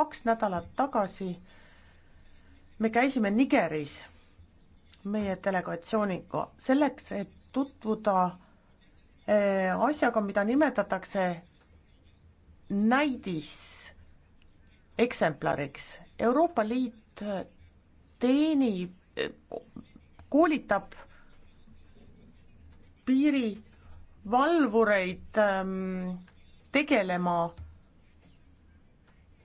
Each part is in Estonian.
kaks nädalat tagasi me käisime Nigeris meie delegatsiooniga selleks, et tutvuda eh, asjaga, mida nimetatakse näidis-eksemplariks. Euroopa Liit eh, teenib, eh, koolitab piirivalvureid ehm, tegelema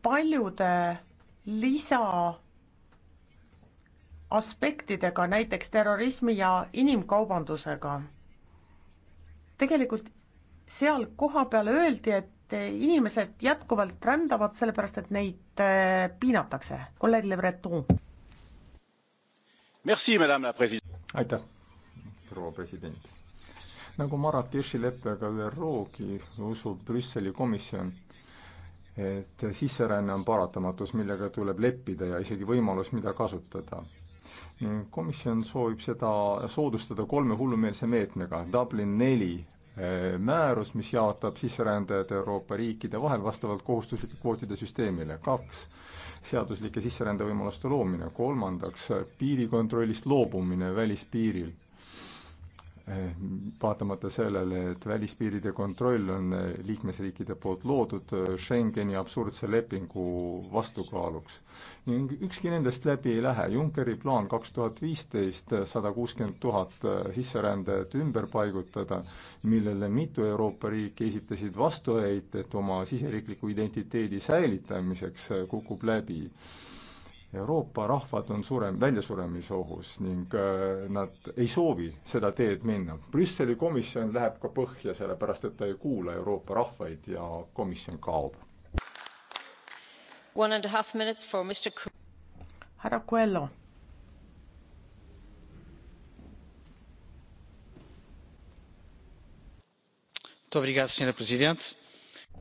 paljude lisa aspektidega, näiteks terrorismi ja inimkaubandusega. tegelikult seal kohapeal öeldi, et inimesed jätkuvalt rändavad, sellepärast et neid äh, piinatakse. kolleeg Le Breton. aitäh, proua president. nagu Marrakechi leppega ÜRO-gi usub Brüsseli komisjon et sisseränne on paratamatus, millega tuleb leppida ja isegi võimalus, mida kasutada. komisjon soovib seda soodustada kolme hullumeelse meetmega, Dublin neli eh, määrus, mis jaotab sisserändajad Euroopa riikide vahel vastavalt kohustuslike kvootide süsteemile, kaks, seaduslike sisserändevõimaluste loomine, kolmandaks, piirikontrollist loobumine välispiiril vaatamata sellele, et välispiiride kontroll on eh, liikmesriikide poolt loodud eh, Schengeni absurdse lepingu vastukaaluks. ning ükski nendest läbi ei lähe, Junckeri plaan kaks tuhat viisteist eh, sada kuuskümmend tuhat sisserändajat ümber paigutada, millele mitu Euroopa riiki esitasid vastuheidet oma siseriikliku identiteedi säilitamiseks, kukub läbi Euroopa rahvad on surem, väljasuremisohus ning äh, nad ei soovi seda teed minna. Brüsseli komisjon läheb ka põhja, sellepärast et ta ei kuula Euroopa rahvaid ja komisjon kaob. härra Coelho.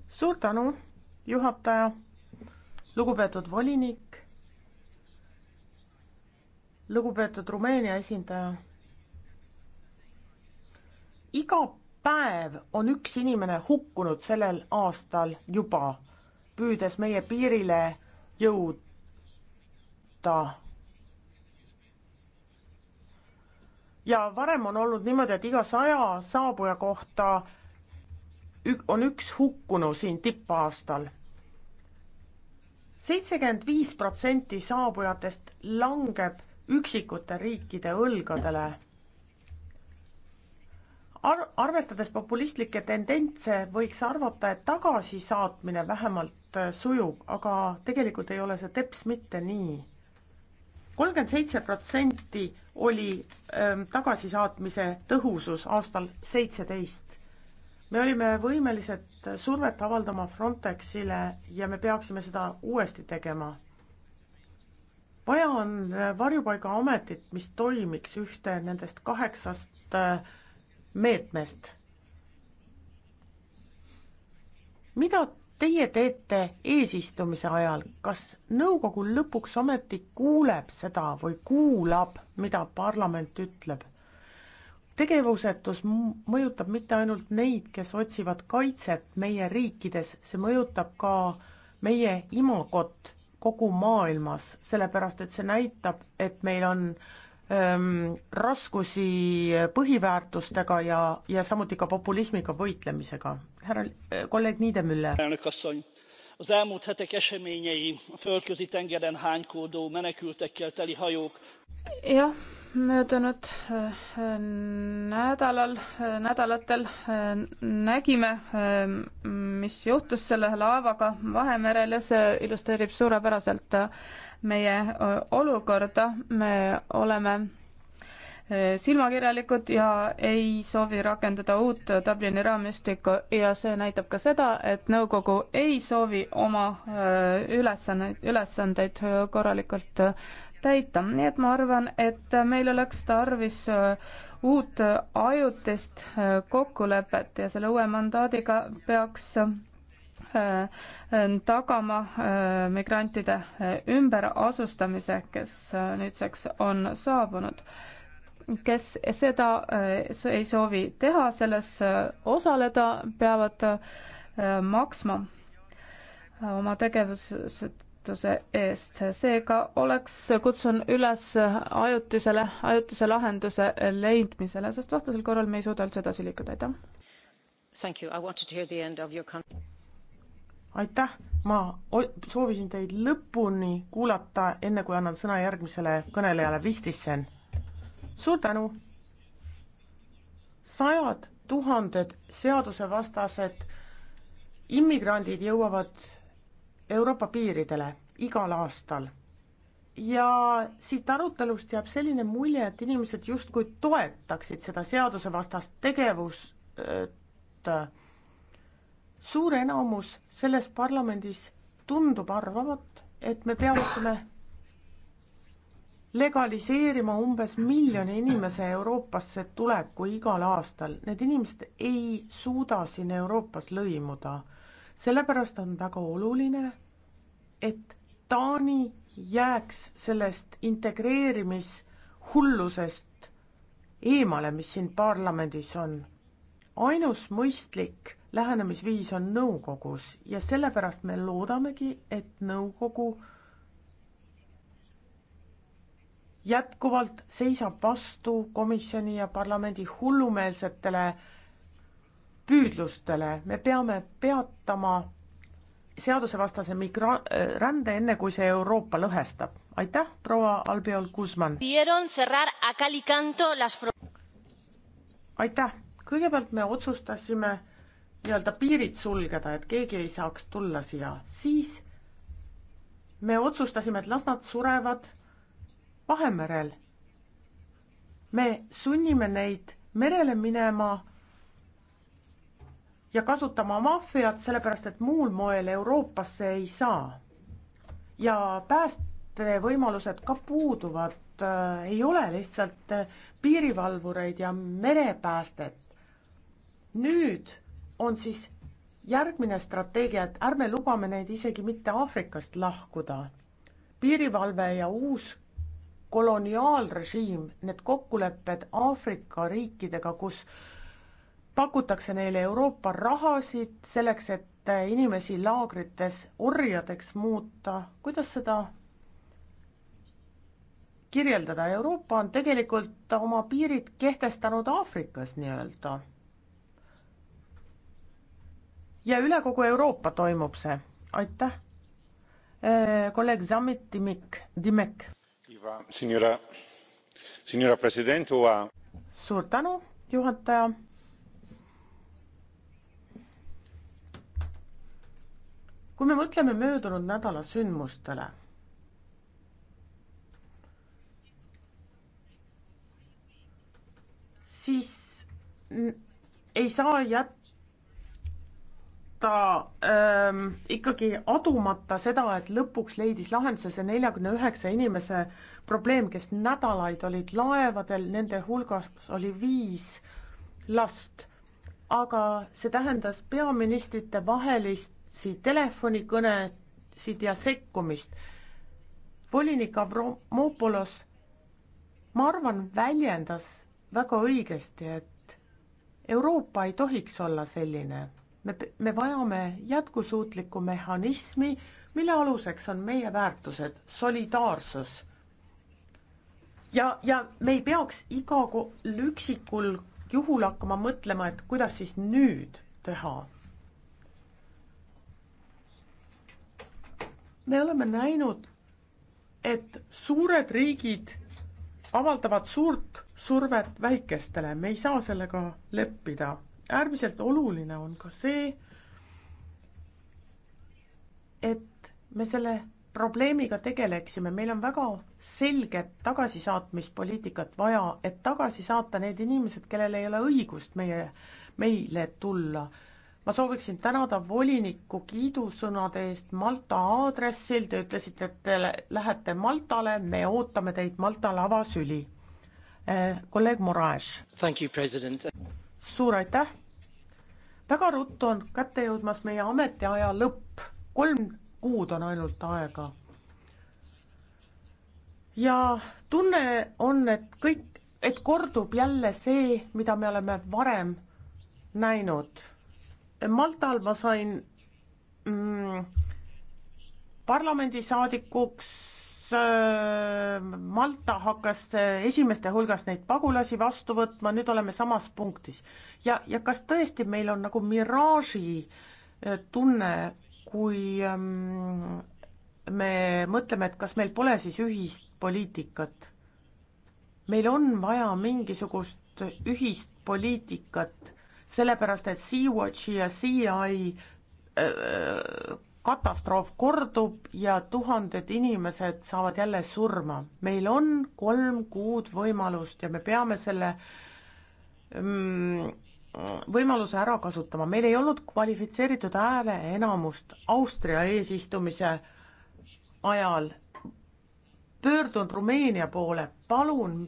suur tänu, juhataja. lugupeetud volinik, lugupeetud Rumeenia esindaja. iga päev on üks inimene hukkunud sellel aastal juba, püüdes meie piirile jõuda. ja varem on olnud niimoodi, et iga saja saabuja kohta ük-, on üks hukkunu siin tippaastal seitsekümmend viis protsenti saabujatest langeb üksikute riikide õlgadele. Ar-, arvestades populistlikke tendentse, võiks arvata, et tagasisaatmine vähemalt äh, sujub, aga tegelikult ei ole see teps mitte nii. kolmkümmend seitse protsenti oli ähm, tagasisaatmise tõhusus aastal seitseteist me olime võimelised survet avaldama Frontexile ja me peaksime seda uuesti tegema vaja on äh, varjupaigaametit, mis toimiks ühte nendest kaheksast äh, meetmest. mida teie teete eesistumise ajal, kas nõukogu lõpuks ometi kuuleb seda või kuulab, mida parlament ütleb? tegevusetus mõjutab mitte ainult neid, kes otsivad kaitset meie riikides, see mõjutab ka meie imagot kogu maailmas, sellepärast et see näitab, et meil on ähm, raskusi põhiväärtustega ja, ja samuti ka populismiga võitlemisega. härra äh, kolleeg Niidemüller. Az elmúlt hetek eseményei, a földközi tengeren hánykódó menekültekkel teli hajók. jah möödunud äh, nädalal, äh, nädalatel äh, nägime, mis juhtus selle laevaga Vahemerel ja see illustreerib suurepäraselt meie olukorda. me oleme silmakirjalikud ja ei soovi rakendada uut Dublini raamistikku ja see näitab ka seda, et nõukogu ei soovi oma ülesandeid, ülesandeid korralikult täita, nii et ma arvan, et meil oleks tarvis äh, uut äh, ajutist äh, kokkulepet ja selle uue mandaadiga peaks tagama migrantide ümberasustamise, kes nüüdseks on saabunud. kes seda ei soovi teha, selles osaleda, peavad maksma oma tegevused toetuse eest. seega oleks, kutsun üles ajutisele, ajutise lahenduse leidmisele, sest vastasel korral me ei suuda üldse edasi liikuda, aitäh. aitäh, ma soovisin teid lõpuni kuulata, enne kui annan sõna järgmisele kõnelejale, Vistisen. suur tänu. sajad tuhanded seadusevastased immigrandid jõuavad Euroopa piiridele igal aastal. ja siit arutelust jääb selline mulje, et inimesed justkui toetaksid seda seadusevastast tegevust. Äh, suur enamus selles parlamendis tundub arvavat, et me peaksime legaliseerima umbes miljoni inimese Euroopasse tuleku igal aastal. Need inimesed ei suuda siin Euroopas lõimuda sellepärast on väga oluline, et Taani jääks sellest integreerimishullusest eemale, mis siin parlamendis on. ainus mõistlik lähenemisviis on nõukogus ja sellepärast me loodamegi, et nõukogu jätkuvalt seisab vastu komisjoni ja parlamendi hullumeelsetele püüdlustele, me peame peatama seadusevastase migra-, äh, rände, enne kui see Euroopa lõhestab. aitäh, proua Albiol Guzman! aitäh, kõigepealt me otsustasime nii-öelda piirid sulgeda, et keegi ei saaks tulla siia, siis me otsustasime, et las nad surevad Vahemerel. me sunnime neid merele minema ja kasutama maffiat, sellepärast et muul moel Euroopasse ei saa. ja päästevõimalused ka puuduvad, äh, ei ole lihtsalt äh, piirivalvureid ja merepäästet. nüüd on siis järgmine strateegia, et ärme lubame neid isegi mitte Aafrikast lahkuda. piirivalve ja uus koloniaalrežiim, need kokkulepped Aafrika riikidega, kus äh, pakutakse neile Euroopa rahasid selleks, et inimesi laagrites orjadeks muuta, kuidas seda kirjeldada, Euroopa on tegelikult oma piirid kehtestanud Aafrikas nii-öelda. ja üle kogu Euroopa toimub see, aitäh. Eh, kolleeg Zamit Dimik, Dimek. suur tänu, juhataja kui me mõtleme möödunud nädala sündmustele, siis ei saa jätta ähm, ikkagi adumata seda, et lõpuks leidis lahenduse see neljakümne üheksa inimese probleem, kes nädalaid olid laevadel, nende hulgas oli viis last. aga see tähendas peaministrite vahelist siit telefonikõnesid ja sekkumist. volinik Avramopolos, ma arvan, väljendas väga õigesti, et Euroopa ei tohiks olla selline. me, me vajame jätkusuutlikku mehhanismi, mille aluseks on meie väärtused, solidaarsus. ja, ja me ei peaks iga üksikul juhul hakkama mõtlema, et kuidas siis nüüd teha me oleme näinud, et suured riigid avaldavad suurt survet väikestele, me ei saa sellega leppida. äärmiselt oluline on ka see, et me selle probleemiga tegeleksime, meil on väga selget tagasisaatmispoliitikat vaja, et tagasi saata need inimesed, kellel ei ole õigust meie, meile tulla ma sooviksin tänada volinikku kiidusõnade eest Malta aadressil, te ütlesite, et te lähete Maltale, me ootame teid Malta lavasüli eh,. kolleeg Moraes. suur aitäh. väga ruttu on kätte jõudmas meie ametiaja lõpp, kolm kuud on ainult aega. ja tunne on, et kõik, et kordub jälle see, mida me oleme varem näinud Maltal ma sain mm, parlamendisaadikuks äh, Malta hakkas äh, esimeste hulgas neid pagulasi vastu võtma, nüüd oleme samas punktis. ja, ja kas tõesti meil on nagu miraaži äh, tunne, kui ähm, me mõtleme, et kas meil pole siis ühist poliitikat? meil on vaja mingisugust ühist poliitikat sellepärast et Sea-Watchi ja CI äh, katastroof kordub ja tuhanded inimesed saavad jälle surma. meil on kolm kuud võimalust ja me peame selle mm, võimaluse ära kasutama, meil ei olnud kvalifitseeritud hääleenamust Austria eesistumise ajal. pöördun Rumeenia poole, palun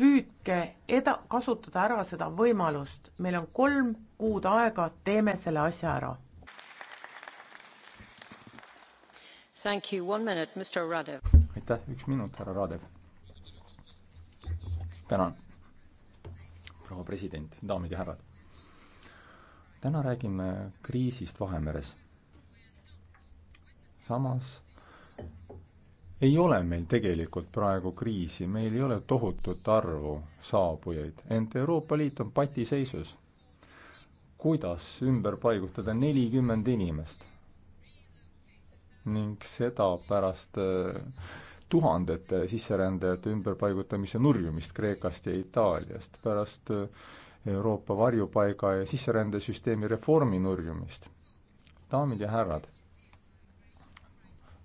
püüdke eda-, kasutada ära seda võimalust, meil on kolm kuud aega, teeme selle asja ära. aitäh, üks minut, härra Radev. tänan, proua president, daamid ja härrad. täna räägime kriisist Vahemeres. samas ei ole meil tegelikult praegu kriisi, meil ei ole tohutut arvu saabujaid, ent Euroopa Liit on patiseisus. kuidas ümber paigutada nelikümmend inimest? ning seda pärast äh, tuhandete sisserändajate ümberpaigutamise nurjumist Kreekast ja Itaaliast, pärast äh, Euroopa varjupaiga ja sisserändesüsteemi reformi nurjumist. daamid ja härrad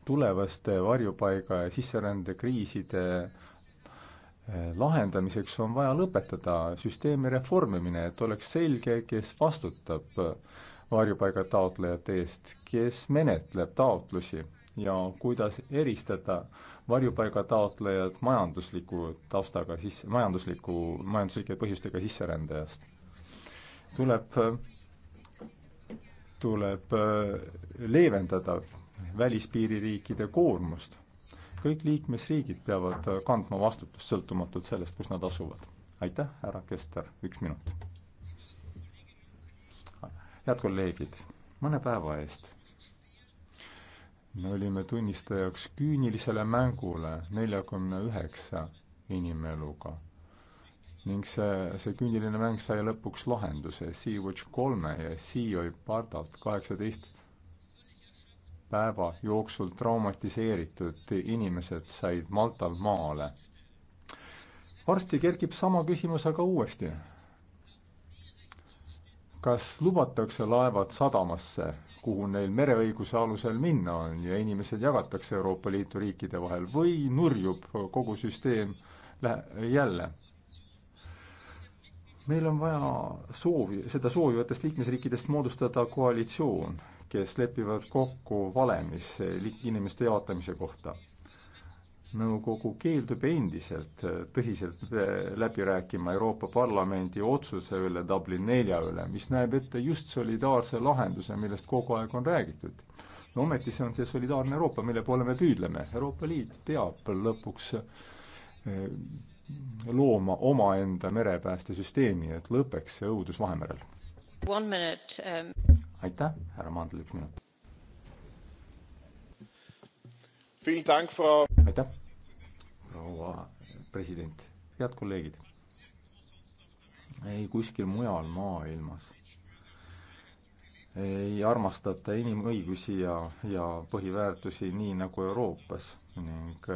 tulevaste varjupaiga ja sisserändekriiside eh, lahendamiseks on vaja lõpetada süsteemi reformimine, et oleks selge, kes vastutab eh, varjupaiga taotlejate eest, kes menetleb taotlusi ja kuidas eristada varjupaiga taotlejad majandusliku taustaga sisse, majandusliku, majanduslike põhjustega sisserändajast. tuleb, eh, tuleb leevendada välispiiririikide koormust. kõik liikmesriigid peavad kandma vastutust sõltumatult sellest, kus nad asuvad. aitäh, härra Kester, üks minut. head kolleegid, mõne päeva eest me olime tunnistajaks küünilisele mängule neljakümne üheksa inimeluga ning see, see küüniline mäng sai lõpuks lahenduse Sea-Watch kolme ja Sea-Oi pardalt kaheksateist päeva jooksul traumatiseeritud inimesed said Maltal maale. varsti kerkib sama küsimus aga uuesti. kas lubatakse laevad sadamasse, kuhu neil mereõiguse alusel minna on ja inimesed jagatakse Euroopa Liidu riikide vahel või nurjub kogu süsteem jälle meil on vaja soovi, seda soovivatest liikmesriikidest moodustada koalitsioon, kes lepivad kokku valemis inimeste jaotamise kohta. nõukogu keeldub endiselt tõsiselt läbi rääkima Euroopa Parlamendi otsuse üle, Dublin nelja üle, mis näeb ette just solidaarse lahenduse, millest kogu aeg on räägitud. no ometi see on see solidaarne Euroopa, mille poole me püüdleme. Euroopa Liit peab lõpuks eh, looma omaenda merepäästesüsteemi, et lõpeks see õudus Vahemerel. Um... aitäh, härra Mandl, üks minut. aitäh, proua president, head kolleegid. ei kuskil mujal maailmas ei armastata inimõigusi ja, ja põhiväärtusi nii nagu Euroopas ning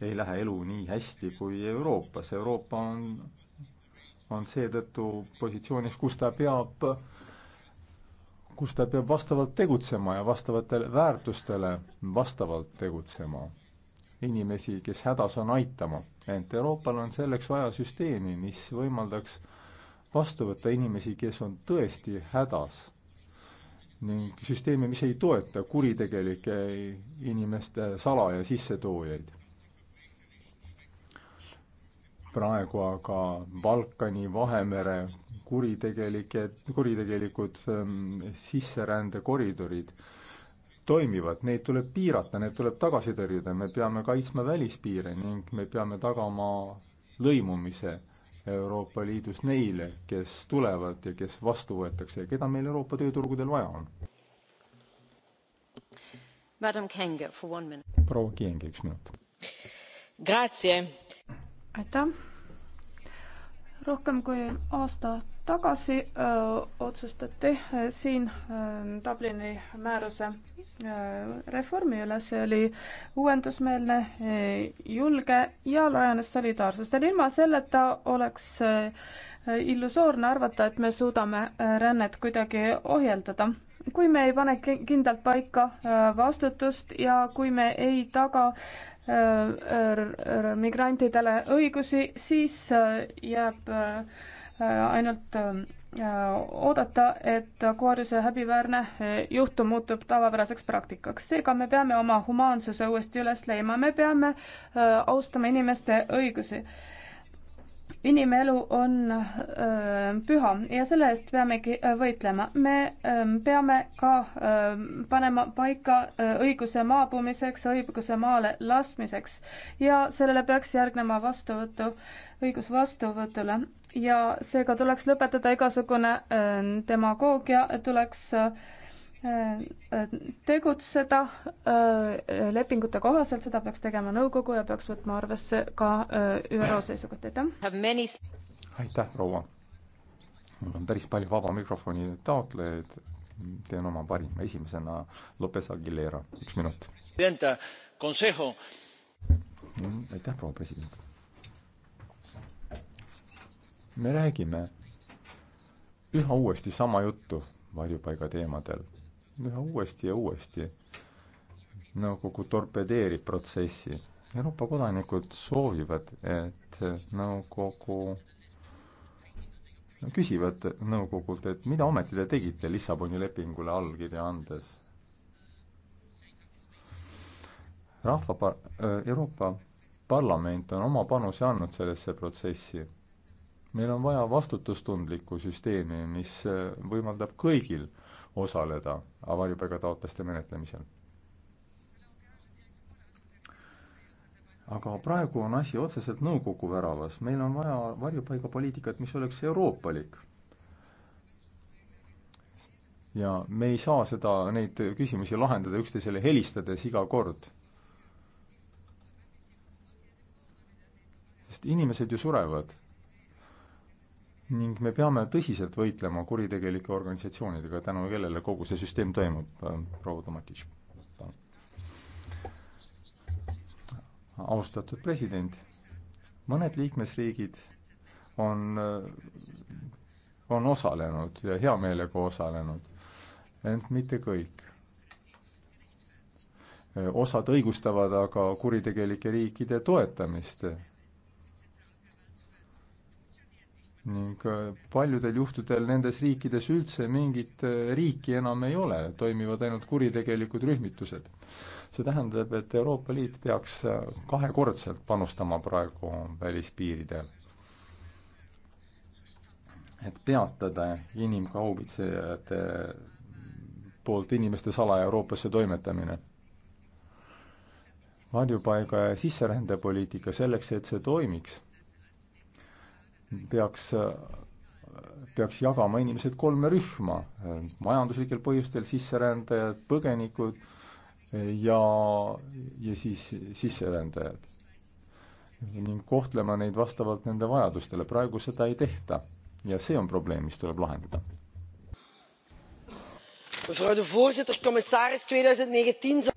ei lähe elu nii hästi kui Euroopas. Euroopa on, on seetõttu positsioonis, kus ta peab, kus ta peab vastavalt tegutsema ja vastavatele väärtustele vastavalt tegutsema. inimesi, kes hädas on, aitama. ent Euroopal on selleks vaja süsteemi, mis võimaldaks vastu võtta inimesi, kes on tõesti hädas ning süsteemi, mis ei toeta kuritegelike inimeste salaja sissetoojaid praegu aga Balkani, Vahemere kuritegelike, kuritegelikud ähm, sisserändekoridorid toimivad, neid tuleb piirata, need tuleb tagasi tõrjuda, me peame kaitsma välispiire ning me peame tagama lõimumise Euroopa Liidus neile, kes tulevad ja kes vastu võetakse ja keda meil Euroopa tööturgudel vaja on. proua Kienge, üks minut aitäh. rohkem kui aasta tagasi öö, äh, otsustati öö, äh, siin öö, äh, Dublini määruse öö, reformi üle, see oli uuendusmeelne, julge ja laienes solidaarsusele, ilma selleta oleks öö, illusoorne arvata, et me suudame rännet kuidagi ohjeldada kui me ei pane kindlalt paika äh, vastutust ja kui me ei taga äh, äh, migrantidele õigusi, siis jääb ainult oodata, et Aquariuse häbiväärne juhtum muutub tavapäraseks praktikaks. seega me peame oma humaansuse uuesti üles leidma, me peame austama inimeste õigusi inimelu on püha ja selle eest peamegi võitlema. me peame ka panema paika õiguse maabumiseks, õiguse maale laskmiseks ja sellele peaks järgnema vastuvõtu, õigus vastuvõtule ja seega tuleks lõpetada igasugune demagoogia, tuleks äh, Äh, äh, tegutseda äh, lepingute kohaselt, seda peaks tegema nõukogu ja peaks võtma arvesse ka ÜRO seisukohti, aitäh. aitäh, proua. mul on päris palju vaba mikrofoni taotlejaid, teen oma parima, esimesena Lopez Aguilera, üks minut. aitäh, proua president. me räägime üha uuesti sama juttu varjupaiga teemadel üha uuesti ja uuesti. nõukogu torpedeerib protsessi. Euroopa kodanikud soovivad, et nõukogu küsivad nõukogult, et mida ometi te tegite Lissaboni lepingule allkirja andes? rahva, Euroopa Parlament on oma panuse andnud sellesse protsessi. meil on vaja vastutustundlikku süsteemi, mis võimaldab kõigil äh, osaleda varjupaigataotluste menetlemisel. aga praegu on asi otseselt nõukogu väravas, meil on vaja varjupaigapoliitikat, mis oleks euroopalik ja me ei saa seda, neid küsimusi lahendada üksteisele helistades iga kord. sest inimesed ju surevad ning me peame tõsiselt võitlema kuritegelike organisatsioonidega, tänu kellele kogu see süsteem toimub, proua Tomatitš, palun. austatud president, mõned liikmesriigid on, on osalenud ja hea meelega osalenud, ent mitte kõik. osad õigustavad aga kuritegelike riikide toetamist ning äh, paljudel juhtudel nendes riikides üldse mingit äh, riiki enam ei ole, toimivad ainult kuritegelikud rühmitused. see tähendab, et Euroopa Liit peaks äh, kahekordselt panustama praegu välispiiridel. et peatada inimkaubitsejate poolt inimeste salaja Euroopasse toimetamine varjupaiga ja sisserändepoliitika selleks, et see toimiks peaks, peaks jagama inimesed kolme rühma. majanduslikel põhjustel sisserändajad, põgenikud ja, ja siis sisserändajad. ning kohtlema neid vastavalt nende vajadustele, praegu seda ei tehta. ja see on probleem, mis tuleb lahendada. mevrouw de voorzitter, commissaris, 2019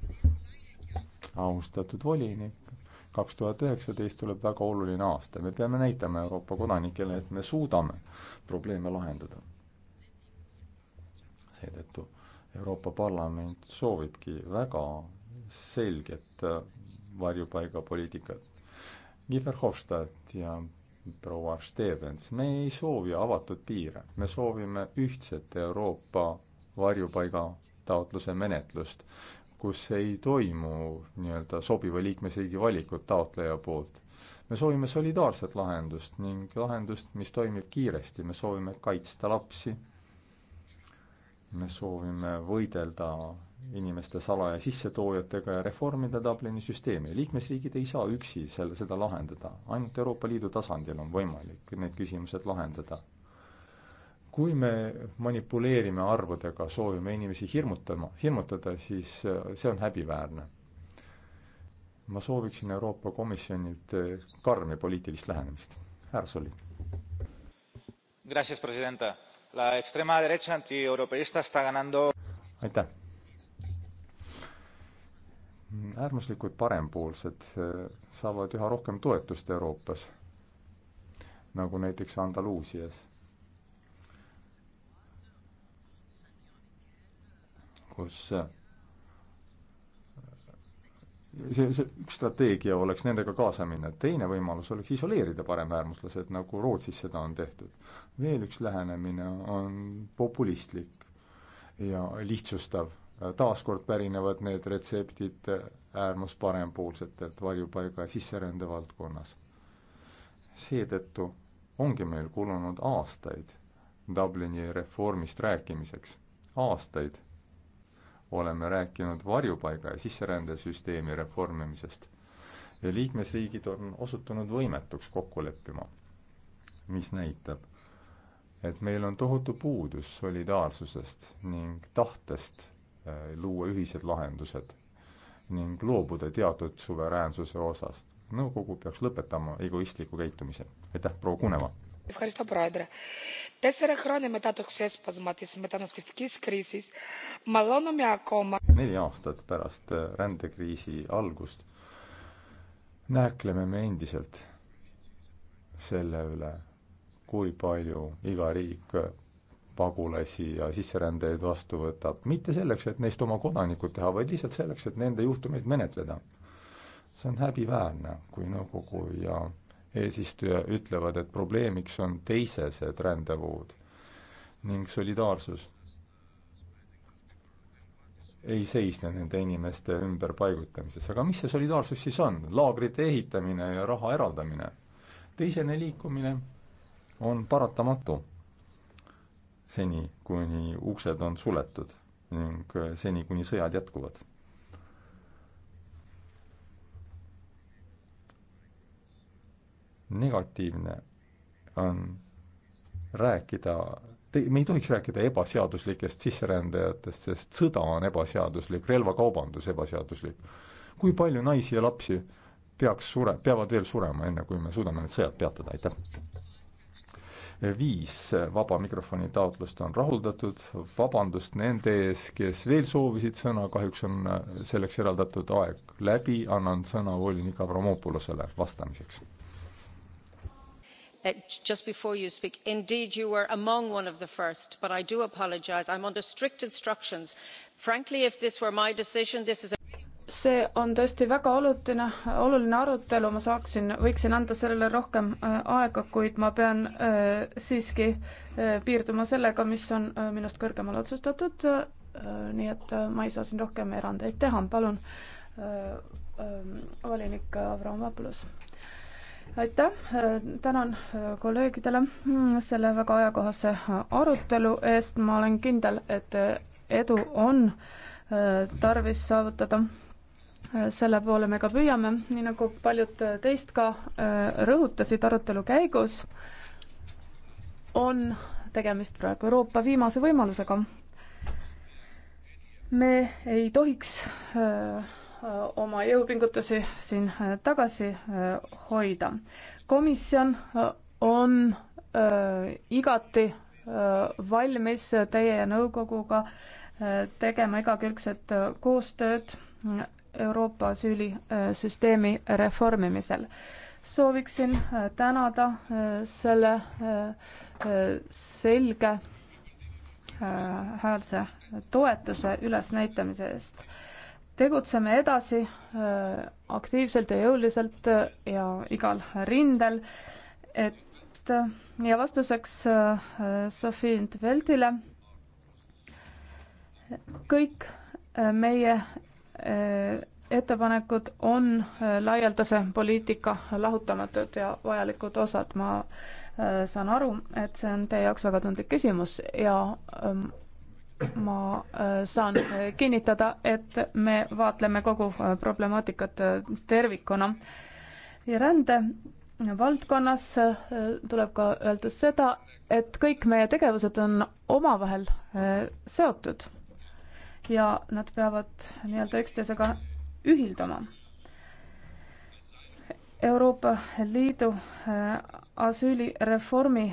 austatud volinik, kaks tuhat üheksateist tuleb väga oluline aasta, me peame näitama Euroopa kodanikele, et me suudame probleeme lahendada. seetõttu Euroopa Parlament soovibki väga selget äh, varjupaigapoliitikat. Giefer Hofstadt ja proua Stevens, me ei soovi avatud piire, me soovime ühtset Euroopa varjupaiga taotluse menetlust, kus ei toimu nii-öelda sobiva liikmesriigi valikut taotleja poolt. me soovime solidaarset lahendust ning lahendust, mis toimib kiiresti, me soovime kaitsta lapsi, me soovime võidelda inimeste salaja sissetoojatega ja reformida Dublini süsteemi. liikmesriigid ei saa üksi selle, seda lahendada, ainult Euroopa Liidu tasandil on võimalik need küsimused lahendada kui me manipuleerime arvudega, soovime inimesi hirmutama, hirmutada, siis äh, see on häbiväärne. ma sooviksin Euroopa Komisjonilt äh, karmi poliitilist lähenemist. härra Soli. aitäh. äärmuslikud parempoolsed äh, saavad üha rohkem toetust Euroopas, nagu näiteks Andaluusias kus äh, see, see üks strateegia oleks nendega kaasa minna, teine võimalus oleks isoleerida paremäärmuslased, nagu Rootsis seda on tehtud. veel üks lähenemine on populistlik ja lihtsustav. taaskord pärinevad need retseptid äärmusparempoolsetelt varjupaiga sisserände valdkonnas. seetõttu ongi meil kulunud aastaid Dublini reformist rääkimiseks, aastaid oleme rääkinud varjupaiga ja sisserändesüsteemi reformimisest. liikmesriigid on osutunud võimetuks kokku leppima, mis näitab, et meil on tohutu puudus solidaarsusest ning tahtest äh, luua ühised lahendused ning loobuda teatud suveräänsuse osast. nõukogu peaks lõpetama egoistliku käitumise. aitäh, proua Kuneva! κύριε πρόεδρε τέσσερα χρόνια μετά το ξέσπασμα της μεταναστευτικής κρίσης μαλώνουμε ακόμα neli aastat pärast э, rändekriisi algust nääkleme me endiselt selle üle kui palju iga riik äh, pagulasi ja sisserändajaid vastu võtab mitte selleks et neist oma kodanikud teha vaid lihtsalt selleks et nende juhtumeid menetleda see on häbiväärne kui nõukogu ja eesistuja ütlevad, et probleemiks on teisesed rändevood ning solidaarsus ei seisne nende inimeste ümberpaigutamises. aga mis see solidaarsus siis on? laagrite ehitamine ja raha eraldamine. teisene liikumine on paratamatu. seni, kuni uksed on suletud ning seni, kuni sõjad jätkuvad negatiivne on rääkida, me ei tohiks rääkida ebaseaduslikest sisserändajatest, sest sõda on ebaseaduslik, relvakaubandus ebaseaduslik. kui palju naisi ja lapsi peaks sure, peavad veel surema, enne kui me suudame need sõjad peatada, aitäh! viis vaba mikrofoni taotlust on rahuldatud, vabandust nende ees, kes veel soovisid sõna, kahjuks on selleks eraldatud aeg läbi, annan sõna volinik Avramopolosele vastamiseks. Eh, just before you speak indeed you were among one of the first but i do apologise i'm under strict instructions. frankly if this were my decision this is. see on tõesti väga olutine, oluline arutelu, ma saaksin, võiksin anda sellele rohkem eh, aega, kuid ma pean eh, siiski piirduma sellega, mis on minust kõrgemal otsustatud. nii et ma ei saa siin rohkem erandeid teha, palun volinik Avramopoulos aitäh, tänan kolleegidele selle väga ajakohase arutelu eest, ma olen kindel, et edu on tarvis saavutada. selle poole me ka püüame, nii nagu paljud teist ka rõhutasid arutelu käigus, on tegemist praegu Euroopa viimase võimalusega. me ei tohiks öö, Äh, oma jõupingutusi siin äh, tagasi äh, hoida. komisjon on igati valmis teie ja nõukoguga tegema igakülgset koostööd Euroopa asüülisüsteemi reformimisel. sooviksin tänada selle selge häälse toetuse ülesnäitamise eest tegutseme edasi äh, aktiivselt ja jõuliselt äh, ja igal rindel, et äh, ja vastuseks Sophie Intveltile, kõik meie ettepanekud on laialdase poliitika lahutamatud ja vajalikud osad, ma saan aru, et see on teie jaoks väga tundlik küsimus ja ähm, ma äh, saan äh, kinnitada, et me vaatleme kogu äh, problemaatikat tervikuna. ja rände valdkonnas tuleb ka öelda seda, et kõik meie tegevused on omavahel seotud ja nad peavad nii-öelda üksteisega ühilduma. Euroopa Liidu asüülireformi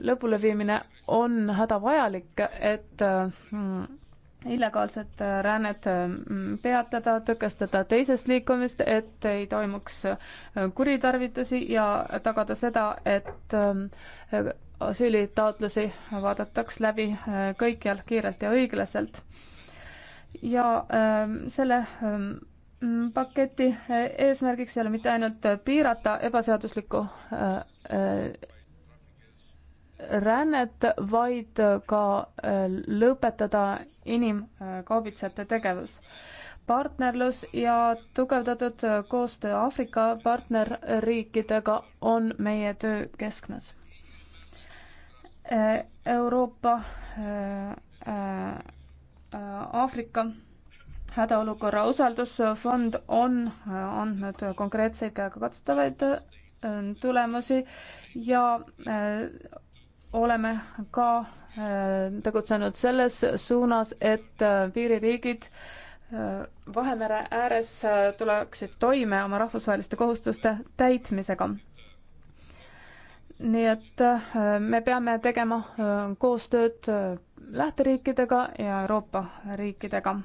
lõpuleviimine on hädavajalik, et mm, illegaalset äh, rännet mm, peatada, tõkestada teisest liikumist, et ei toimuks äh, kuritarvitusi ja tagada seda, et äh, asüülitaotlusi vaadataks läbi kõikjal kiirelt ja õiglaselt. ja ähm, selle ähm, paketi eesmärgiks ei ole mitte ainult piirata ebaseaduslikku rännet, vaid ka äh, lõpetada inimkaubitsejate tegevus. partnerlus ja tugevdatud koostöö Aafrika partnerriikidega on meie töö keskmes. Äh, Euroopa, äh, Aafrika hädaolukorra usaldusfond on andnud konkreetseid käegakatsutavaid tulemusi ja oleme ka äh, tegutsenud selles suunas, et äh, piiririigid äh, Vahemere ääres tuleksid toime oma rahvusvaheliste kohustuste täitmisega. nii et me peame tegema koostööd lähteriikidega ja Euroopa riikidega.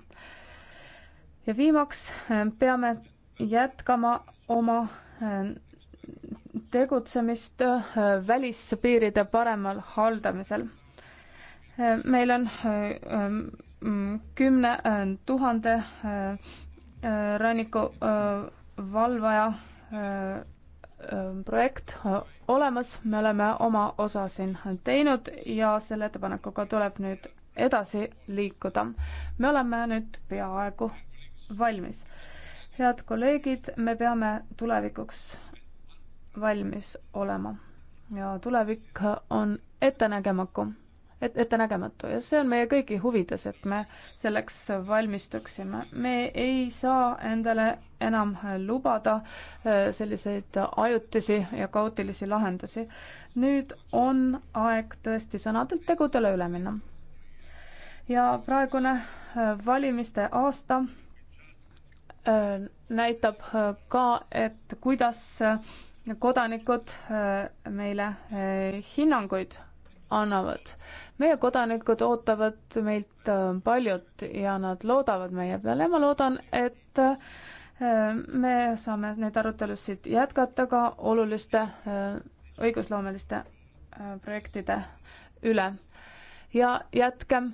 ja viimaks peame jätkama oma tegutsemist äh, välispiiride paremal haldamisel. Äh, meil on äh, mm, kümne tuhande ranniku valvaja projekt olemas, me oleme oma osa siin teinud ja selle ettepanekuga tuleb nüüd edasi liikuda. me oleme nüüd peaaegu valmis. head kolleegid, me peame tulevikuks valmis olema ja tulevik on ettenägematu, et ettenägematu ja see on meie kõigi huvides, et me selleks valmistuksime. me ei saa endale enam lubada äh, selliseid ajutisi ja kaootilisi lahendusi. nüüd on aeg tõesti sõnadelt tegudele üle minna. ja praegune äh, valimiste aasta äh, näitab ka, et kuidas kodanikud äh, meile äh, hinnanguid annavad. meie kodanikud ootavad meilt äh, paljut ja nad loodavad meie peale ja ma loodan, et me saame neid arutelusid jätkata ka oluliste õigusloomeliste projektide üle ja jätkem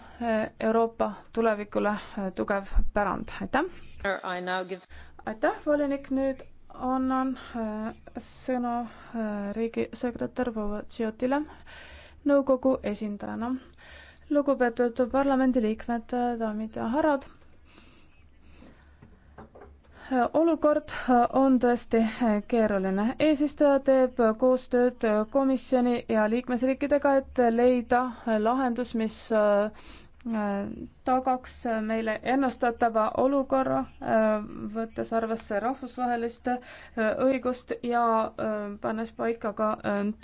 Euroopa tulevikule tugev pärand, aitäh! aitäh, volinik, nüüd annan äh, sõna äh, riigisekretär Vova Tšiotile nõukogu esindajana. lugupeetud parlamendiliikmed, äh, daamid ja härrad. olukord on tõesti keeruline. eesistuja teeb koostööd komisjoni ja liikmesriikidega, et leida lahendus, mis Äh, tagaks meile ennustatava olukorra, äh, võttes arvesse rahvusvahelist äh, õigust ja pannes paika ka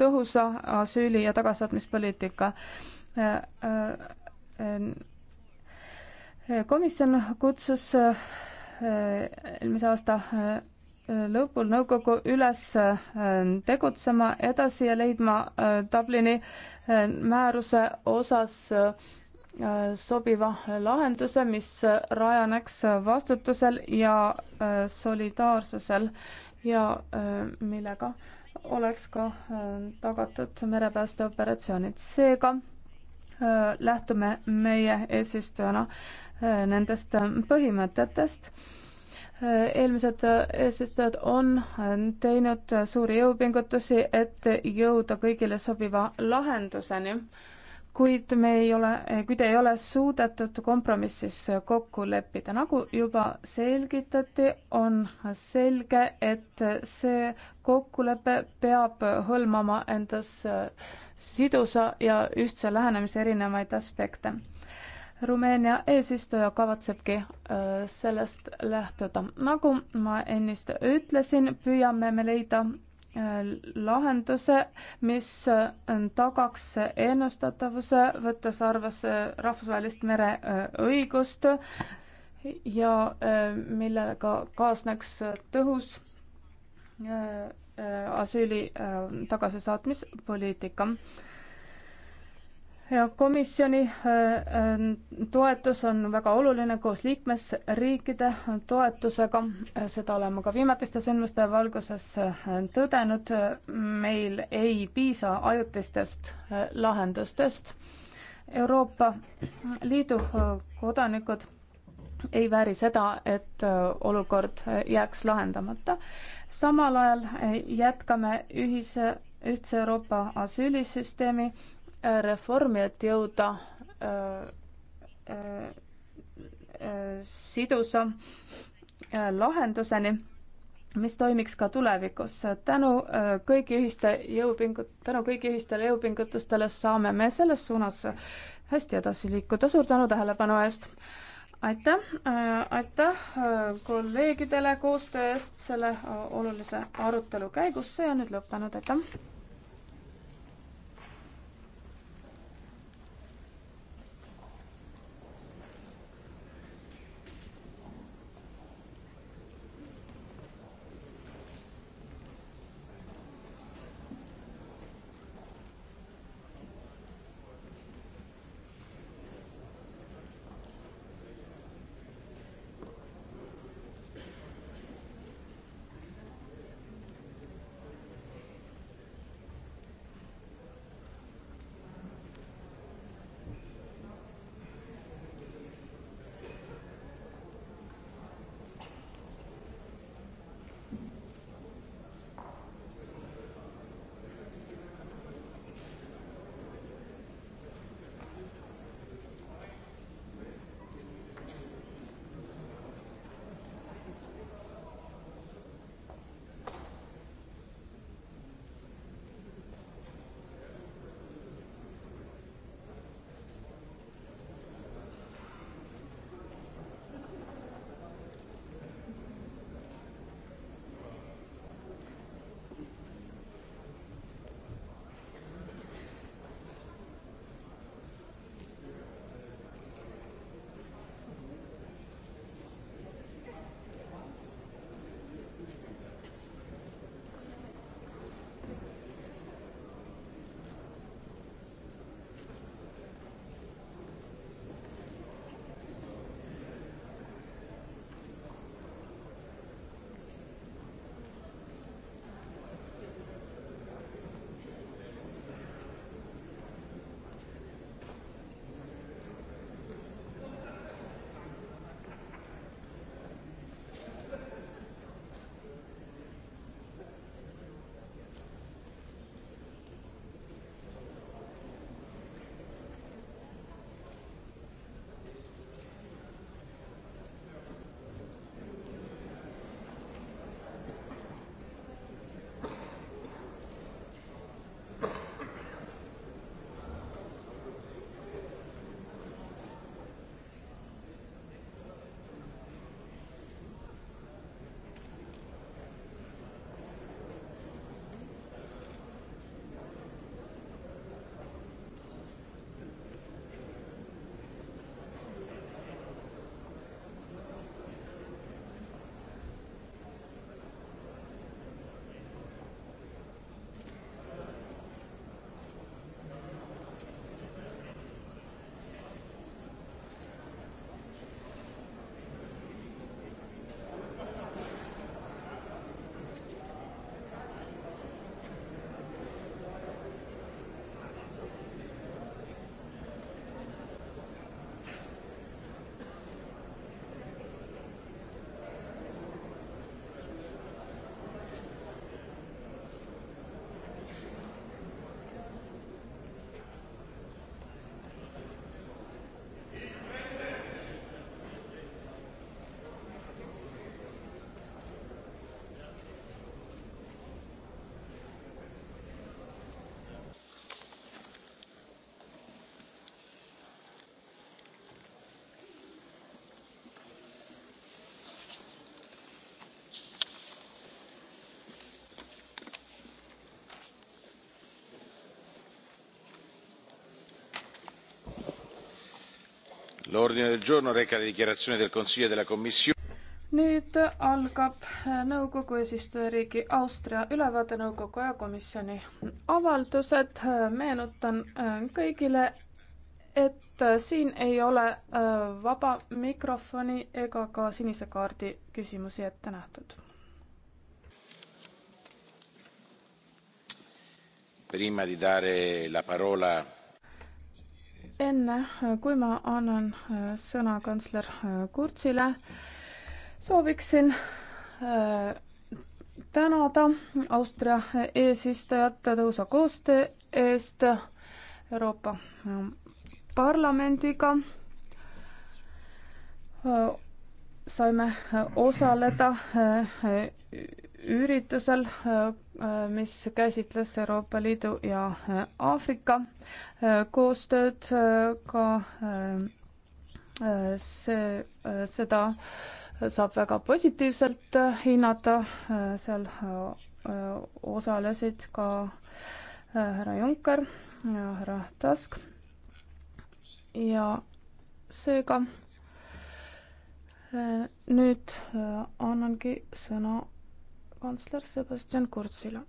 tõhusa asüüli- ja tagasisaatmispoliitika. komisjon kutsus eelmise aasta lõpul nõukogu üles tegutsema edasi ja leidma Dublini määruse osas Äh, sobiva lahenduse, mis rajaneks vastutusel ja äh, solidaarsusel ja äh, millega oleks ka tagatud merepäästeoperatsioonid. seega lähtume meie eesistujana nendest põhimõtetest. eelmised eesistujad on teinud suuri jõupingutusi, et jõuda kõigile sobiva lahenduseni kuid me ei ole, kuid ei ole suudetud kompromissis kokku leppida. nagu juba selgitati, on selge, et see kokkulepe peab hõlmama endas sidusa ja ühtse lähenemise erinevaid aspekte. Rumeenia eesistuja kavatsebki äh, sellest lähtuda. nagu ma ennist ütlesin, püüame me leida lahenduse, mis tagaks ennustatavuse, võttes arvesse rahvusvahelist mereõigust ja äh, millega ka kaasneks tõhus äh, äh, asüüli tagasisaatmispoliitika ja komisjoni äh, äh, toetus on väga oluline koos liikmesriikide toetusega, äh, seda oleme ka viimatiste sündmuste valguses tõdenud, meil ei piisa ajutistest lahendustest. Euroopa Liidu kodanikud ei vääri seda, et olukord jääks lahendamata. samal ajal jätkame ühise, ühtse Euroopa asüülisüsteemi reformi, et jõuda äh, äh, äh, sidusa äh, lahenduseni mis toimiks ka tulevikus. tänu äh, kõigi ühiste jõupingut-, tänu kõigi ühistele jõupingutustele saame me selles suunas hästi edasi liikuda. suur tänu tähelepanu eest! aitäh, äh, aitäh kolleegidele koostöö eest selle olulise arutelu käigus, see on nüüd lõppenud, aitäh! E nüüd algab eh, nõukogu eesistujariigi Austria ülevaade nõukogu ja komisjoni avaldused. Eh, meenutan eh, kõigile, et siin ei ole vaba mikrofoni ega ka sinise kaardi küsimusi ette nähtud. prima di dare la parola enne kui ma annan äh, sõna kantsler äh, Kurzile, sooviksin äh, tänada Austria eesistujat tõhusa koostöö eest Euroopa Parlamendiga. saime osaleda üritusel, äh, äh, mis käsitles Euroopa Liidu ja äh, Aafrika koostööd ka see, seda saab väga positiivselt hinnata, seal osalesid ka härra Juncker ja härra Tusk ja seega nüüd annangi sõna kantsler sebastian kurzile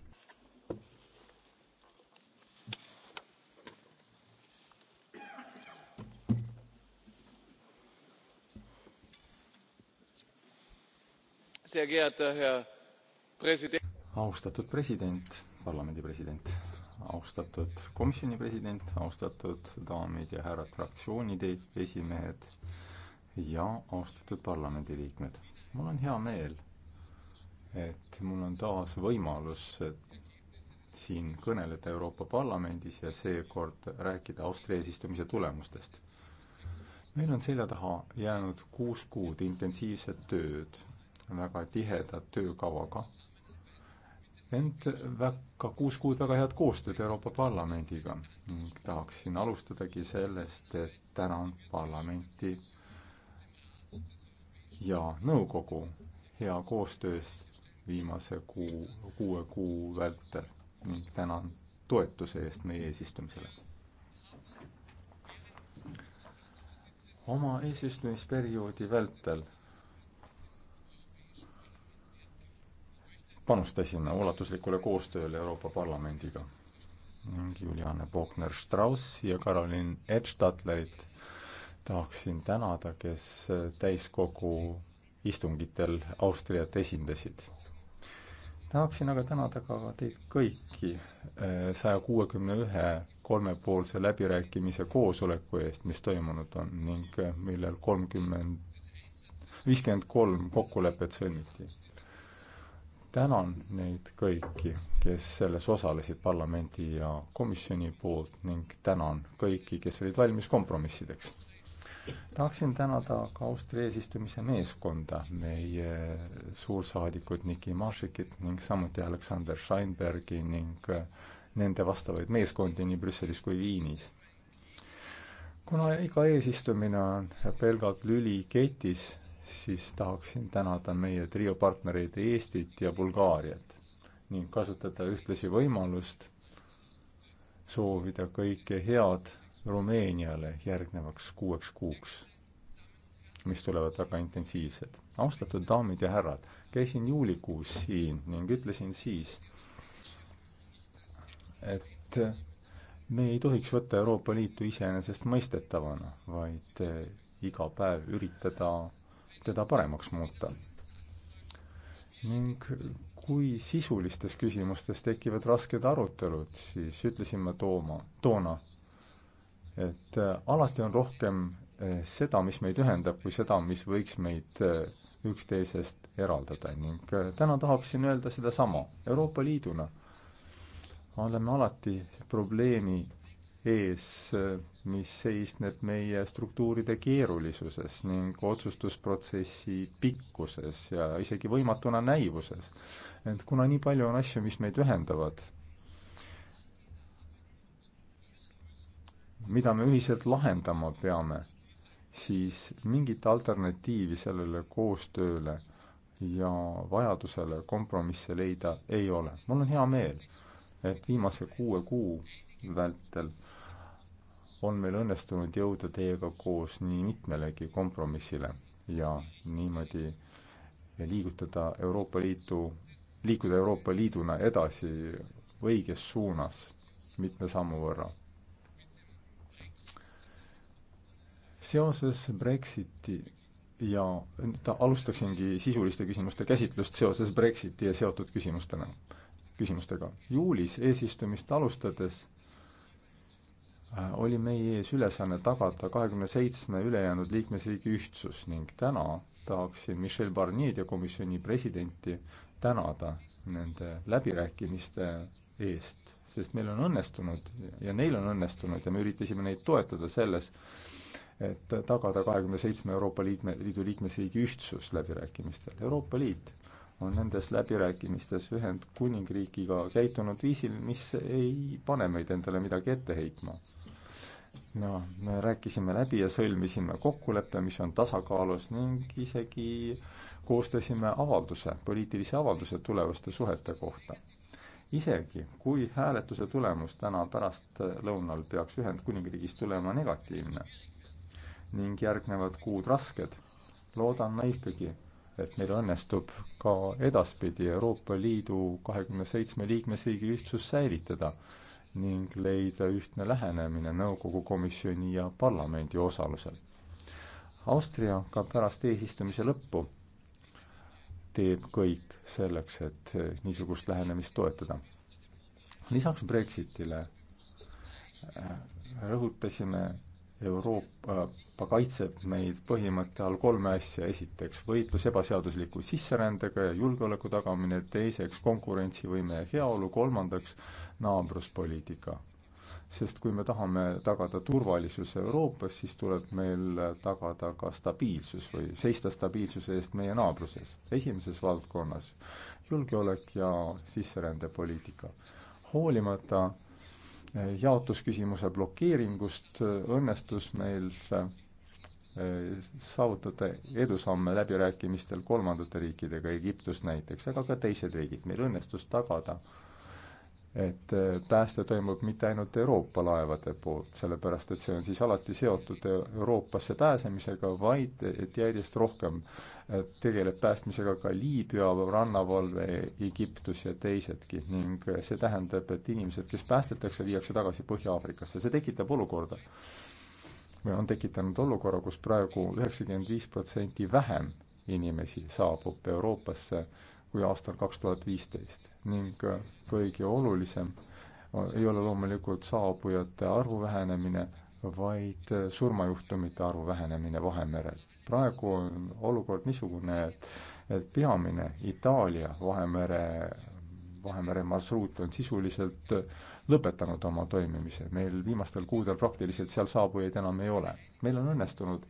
austatud president parlamendi president austatud komisjoni president austatud daamid ja härrad fraktsioonide esimehed ja austatud parlamendiliikmed mul on hea meel et mul on taas võimalus siin kõneleda Euroopa Parlamendis ja seekord rääkida Austria eesistumise tulemustest. meil on selja taha jäänud kuus kuud intensiivset tööd väga tiheda töökavaga, ent väga, kuus kuud väga head koostööd Euroopa Parlamendiga ning tahaksin alustadagi sellest, et tänan parlamenti ja nõukogu hea koostöö eest viimase kuu, kuue kuu vältel ning tänan toetuse eest meie eesistumisele. oma eesistumisperioodi vältel panustasime ulatuslikule koostööle Euroopa Parlamendiga ning Juliane Bogner-Strauss ja Karolin Edstadlerit tahaksin tänada, kes täiskogu istungitel Austriat esindasid tahaksin aga tänada ka teid kõiki eh, saja kuuekümne ühe kolmepoolse läbirääkimise koosoleku eest, mis toimunud on ning eh, millel kolmkümmend, viiskümmend kolm kokkulepet sõlmiti. tänan neid kõiki, kes selles osalesid parlamendi ja komisjoni poolt ning tänan kõiki, kes olid valmis kompromissideks tahaksin tänada ka Austria eesistumise meeskonda, meie suursaadikut Niki Mašikit ning samuti Aleksander Scheinbergi ning äh, nende vastavaid meeskondi nii Brüsselis kui Viinis. kuna iga eesistumine on pelgalt lüli ketis, siis tahaksin tänada meie trio partnereid Eestit ja Bulgaariat ning kasutada ühtlasi võimalust soovida kõike head Rumeeniale järgnevaks kuueks kuuks, mis tulevad väga intensiivsed. austatud daamid ja härrad, käisin juulikuus siin ning ütlesin siis, et me ei tohiks võtta Euroopa Liitu iseenesestmõistetavana, vaid eh, iga päev üritada teda paremaks muuta. ning kui sisulistes küsimustes tekivad rasked arutelud, siis ütlesin ma tooma, toona, et äh, alati on rohkem äh, seda, mis meid ühendab, kui seda, mis võiks meid äh, üksteisest eraldada ning täna tahaksin öelda sedasama. Euroopa Liiduna oleme alati probleemi ees, mis seisneb meie struktuuride keerulisuses ning otsustusprotsessi pikkuses ja isegi võimatuna näivuses. et kuna nii palju on asju, mis meid ühendavad mida me ühiselt lahendama peame, siis mingit alternatiivi sellele koostööle ja vajadusele kompromisse leida ei ole. mul on hea meel, et viimase kuue kuu vältel on meil õnnestunud jõuda teiega koos nii mitmelegi kompromissile ja niimoodi liigutada Euroopa Liitu, liikuda Euroopa Liiduna edasi õiges suunas mitme sammu võrra seoses Brexiti ja nüüd alustaksingi sisuliste küsimuste käsitlust seoses Brexiti ja seotud küsimustena, küsimustega. juulis eesistumist alustades äh, oli meie ees ülesanne tagada kahekümne seitsme ülejäänud liikmesriigi ühtsus ning täna tahaksin Michel Barnier'd ja komisjoni presidenti tänada nende läbirääkimiste eest, sest meil on õnnestunud ja neil on õnnestunud ja me üritasime neid toetada selles, et tagada kahekümne seitsme Euroopa liikme, Liidu liikmesriigi ühtsus läbirääkimistel. Euroopa Liit on nendes läbirääkimistes Ühendkuningriigiga käitunud viisil, mis ei pane meid endale midagi ette heitma. no me rääkisime läbi ja sõlmisime kokkuleppe, mis on tasakaalus ning isegi koostasime avalduse, poliitilise avalduse tulevaste suhete kohta isegi kui hääletuse tulemus täna pärastlõunal peaks Ühendkuningriigis tulema negatiivne, ning järgnevad kuud rasked, loodan ma ikkagi, et meil õnnestub ka edaspidi Euroopa Liidu kahekümne seitsme liikmesriigi ühtsus säilitada ning leida ühtne lähenemine nõukogu komisjoni ja parlamendi osalusel. Austria ka pärast eesistumise lõppu teeb kõik selleks, et niisugust lähenemist toetada. lisaks Brexitile äh, rõhutasime Euroopa kaitseb meid põhimõtte all kolme asja, esiteks võitlus ebaseadusliku sisserändega ja julgeoleku tagamine, teiseks konkurentsivõime ja heaolu, kolmandaks naabruspoliitika. sest kui me tahame tagada turvalisuse Euroopas, siis tuleb meil tagada ka stabiilsus või seista stabiilsuse eest meie naabruses. esimeses valdkonnas julgeolek ja sisserändepoliitika. hoolimata jaotusküsimuse blokeeringust õnnestus meil eh, saavutada edusamme läbirääkimistel kolmandate riikidega, Egiptus näiteks, aga ka teised riigid, meil õnnestus tagada äh, et äh, pääste toimub mitte ainult Euroopa laevade poolt, sellepärast et see on siis alati seotud Euroopasse pääsemisega, vaid et järjest rohkem äh, tegeleb päästmisega ka Liibüa rannavalve, Egiptus ja teisedki ning äh, see tähendab, et inimesed, kes päästetakse, viiakse tagasi Põhja-Aafrikasse, see tekitab olukorda. või on tekitanud olukorra, kus praegu üheksakümmend viis protsenti vähem inimesi saabub Euroopasse kui aastal kaks tuhat viisteist ning äh, kõige olulisem äh, ei ole loomulikult saabujate arvu vähenemine, vaid äh, surmajuhtumite arvu vähenemine Vahemerel. praegu on olukord niisugune, et, et peamine Itaalia Vahemere, Vahemere marsruut on sisuliselt lõpetanud oma toimimise. meil viimastel kuudel praktiliselt seal saabujaid enam ei ole. meil on õnnestunud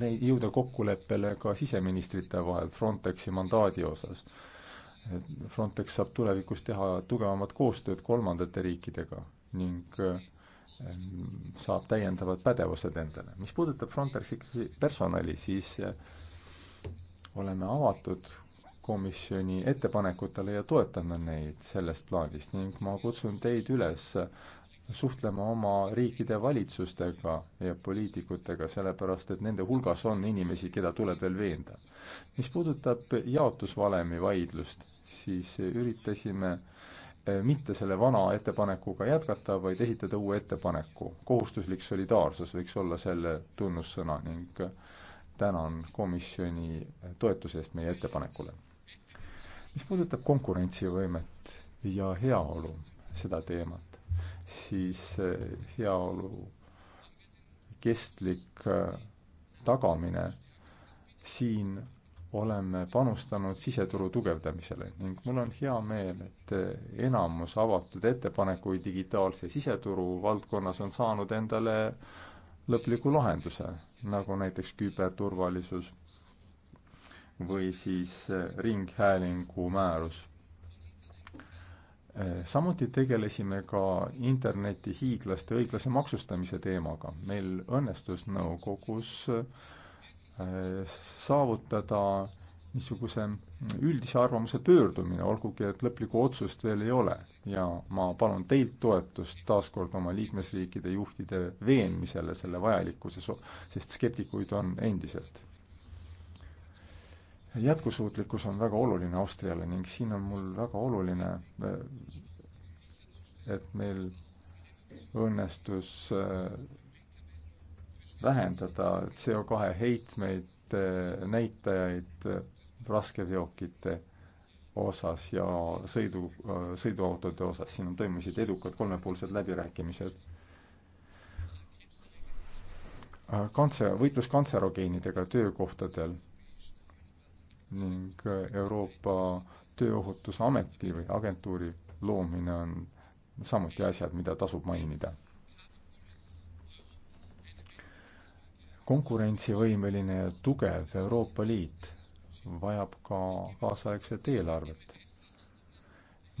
jõuda kokkuleppele ka siseministrite vahel Frontexi mandaadi osas. Frontex saab tulevikus teha tugevamat koostööd kolmandate riikidega ning ehm, saab täiendavad pädevused endale. mis puudutab Frontexi personali, siis eh, oleme avatud komisjoni ettepanekutele ja toetame neid sellest plaadist ning ma kutsun teid üles suhtlema oma riikide valitsustega ja poliitikutega, sellepärast et nende hulgas on inimesi, keda tuleb veel veenda. mis puudutab jaotusvalemi vaidlust, siis üritasime eh, mitte selle vana ettepanekuga jätkata, vaid esitada uue ettepaneku. kohustuslik solidaarsus võiks olla selle tunnussõna ning tänan komisjoni toetuse eest meie ettepanekule. mis puudutab konkurentsivõimet ja heaolu, seda teemat, siis heaolu kestlik äh, tagamine siin oleme panustanud siseturu tugevdamisele ning mul on hea meel, et äh, enamus avatud ettepanekuid digitaalse siseturu valdkonnas on saanud endale lõpliku lahenduse, nagu näiteks küberturvalisus või siis äh, ringhäälingu määrus samuti tegelesime ka internetihiiglaste õiglase maksustamise teemaga. meil õnnestus nõukogus äh, saavutada niisuguse üldise arvamuse pöördumine, olgugi et lõplikku otsust veel ei ole. ja ma palun teilt toetust taas kord oma liikmesriikide juhtide veenmisele selle vajalikkuses, sest skeptikuid on endiselt jätkusuutlikkus on väga oluline Austriale ning siin on mul väga oluline, et meil õnnestus äh, vähendada CO2 heitmeid, äh, näitajaid äh, raskeveokite osas ja sõidu, sõiduautode osas, siin toimusid edukad kolmepoolsed läbirääkimised kantse, võitlus kantserogeenidega töökohtadel ning äh, Euroopa Tööohutusameti või agentuuri loomine on samuti asjad, mida tasub mainida. konkurentsivõimeline ja tugev Euroopa Liit vajab ka kaasaegset eelarvet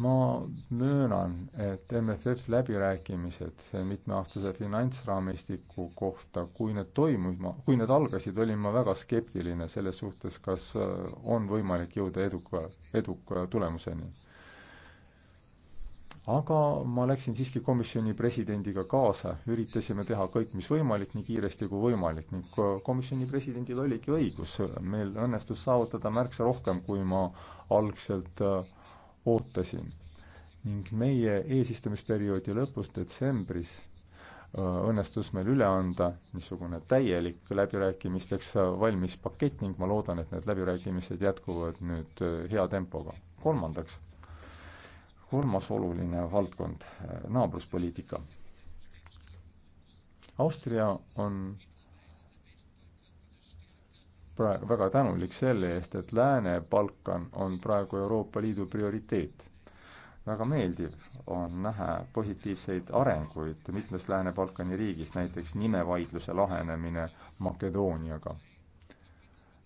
ma möönan, et MFF läbirääkimised mitmeaastase finantsraamistiku kohta, kui need toimuma, kui need algasid, olin ma väga skeptiline selles suhtes, kas äh, on võimalik jõuda eduka, eduka tulemuseni. aga ma läksin siiski komisjoni presidendiga kaasa, üritasime teha kõik, mis võimalik, nii kiiresti kui võimalik ning komisjoni presidendil oligi õigus, meil õnnestus saavutada märksa rohkem, kui ma algselt äh, ootasin ning meie eesistumisperioodi lõpus detsembris õnnestus meil üle anda niisugune täielik läbirääkimisteks valmis pakett ning ma loodan, et need läbirääkimised jätkuvad nüüd hea tempoga. kolmandaks, kolmas oluline valdkond, naabruspoliitika. Austria on praegu väga tänulik selle eest, et Lääne-Balkan on praegu Euroopa Liidu prioriteet. väga meeldiv on näha positiivseid arenguid mitmes Lääne-Balkani riigis, näiteks nimevaidluse lahenemine Makedooniaga.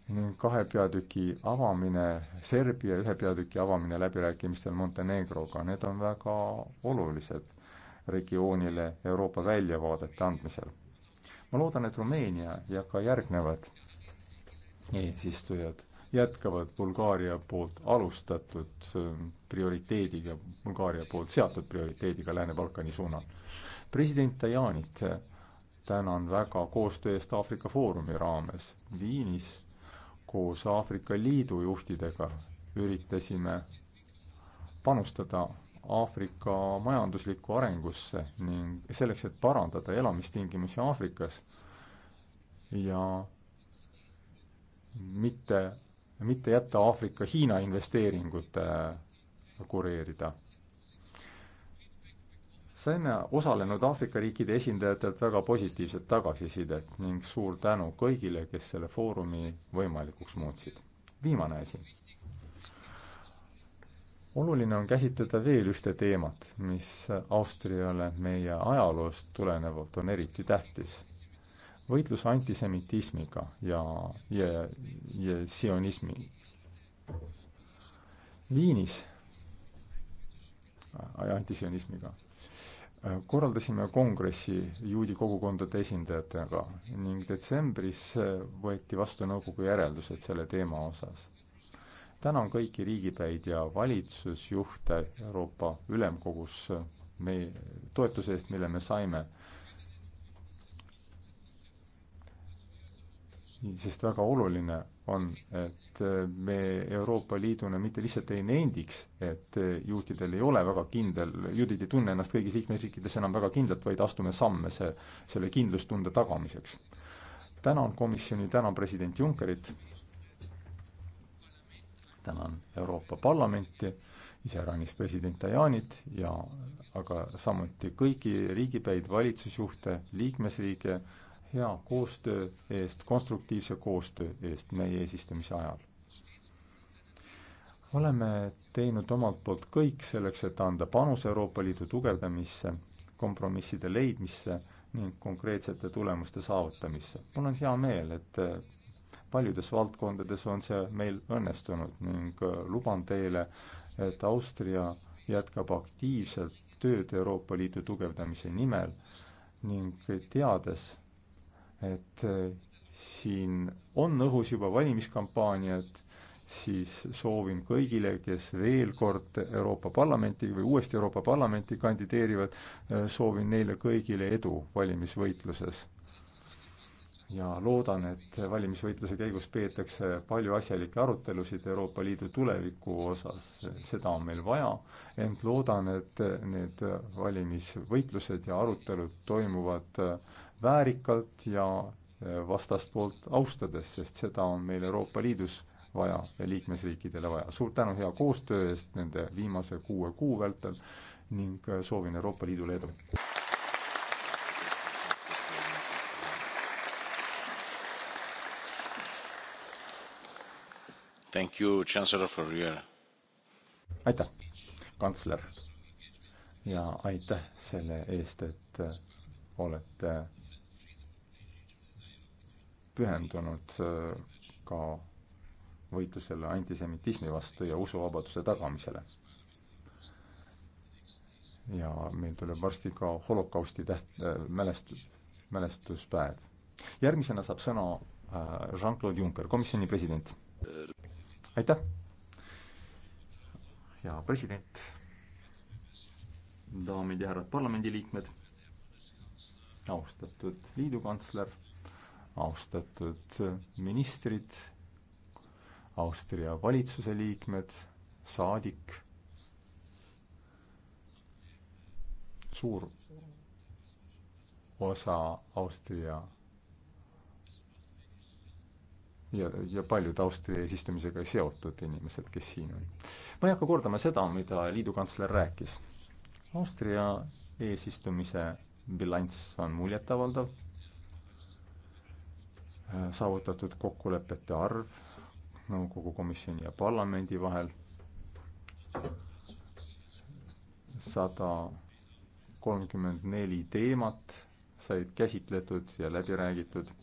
ning kahe peatüki avamine, Serbia ühe peatüki avamine läbirääkimistel Montenegroga, need on väga olulised regioonile Euroopa väljavaadete andmisel. ma loodan, et Rumeenia ja ka järgnevad eesistujad jätkavad Bulgaaria poolt alustatud prioriteediga, Bulgaaria poolt seatud prioriteediga Lääne-Balkani suunal. president Tajanit tänan väga koostöö eest Aafrika Foorumi raames Viinis koos Aafrika Liidu juhtidega üritasime panustada Aafrika majanduslikku arengusse ning selleks, et parandada elamistingimusi Aafrikas ja mitte, mitte jätta Aafrika Hiina investeeringute äh, kureerida. saime osalenud Aafrika riikide esindajatelt väga positiivset tagasisidet ning suur tänu kõigile, kes selle foorumi võimalikuks muutsid. viimane asi. oluline on käsitleda veel ühte teemat, mis Austriale meie ajaloost tulenevalt on eriti tähtis võitlus antisemitismiga ja, ja, ja sionismi. Viinis äh, antisionismiga äh, korraldasime kongressi juudi kogukondade esindajatega ning detsembris äh, võeti vastu nõukogu järeldused selle teema osas. tänan kõiki riigipäid ja valitsusjuhte Euroopa Ülemkogus meie toetuse eest, mille me saime äh, sest väga oluline on, et äh, me Euroopa Liiduna mitte lihtsalt ei nendiks, et äh, juutidel ei ole väga kindel, juudid ei tunne ennast kõigis liikmesriikides enam väga kindlalt, vaid astume samme see, selle kindlustunde tagamiseks. tänan komisjoni, tänan president Junckerit, tänan Euroopa Parlamenti, iseäranis president Tajanit ja aga samuti kõiki riigipäid, valitsusjuhte, liikmesriike, hea koostöö eest, konstruktiivse koostöö eest meie eesistumise ajal. oleme teinud omalt poolt kõik selleks, et anda panus Euroopa Liidu tugevdamisse, kompromisside leidmisse ning konkreetsete tulemuste saavutamisse. mul on hea meel, et paljudes valdkondades on see meil õnnestunud ning luban teile, et Austria jätkab aktiivselt tööd Euroopa Liidu tugevdamise nimel ning teades, et äh, siin on õhus juba valimiskampaaniad, siis soovin kõigile, kes veel kord Euroopa Parlamenti või uuesti Euroopa Parlamenti kandideerivad, äh, soovin neile kõigile edu valimisvõitluses ja loodan, et valimisvõitluse käigus peetakse palju asjalikke arutelusid Euroopa Liidu tuleviku osas, seda on meil vaja, ent loodan, et need valimisvõitlused ja arutelud toimuvad väärikalt ja vastaspoolt austades, sest seda on meil Euroopa Liidus vaja ja liikmesriikidele vaja. suur tänu hea koostöö eest nende viimase kuue kuu vältel ning soovin Euroopa Liidule edu! aitäh, kantsler. ja aitäh selle eest, et äh, olete pühendunud äh, ka võitlusele antisemitismi vastu ja usuvabaduse tagamisele. ja meil tuleb varsti ka holokausti täht- äh,, mälestus, mälestuspäev. järgmisena saab sõna äh, Jean-Claude Juncker, komisjoni president aitäh! hea president, daamid ja härrad parlamendiliikmed, austatud liidukantsler, austatud ministrid, Austria valitsuse liikmed, saadik, suur osa Austria ja, ja paljud Austria eesistumisega seotud inimesed, kes siin on. ma ei hakka kordama seda, mida liidu kantsler rääkis. Austria eesistumise bilanss on muljetavaldav, saavutatud kokkulepete arv nõukogu komisjoni ja parlamendi vahel sada kolmkümmend neli teemat said käsitletud ja läbi räägitud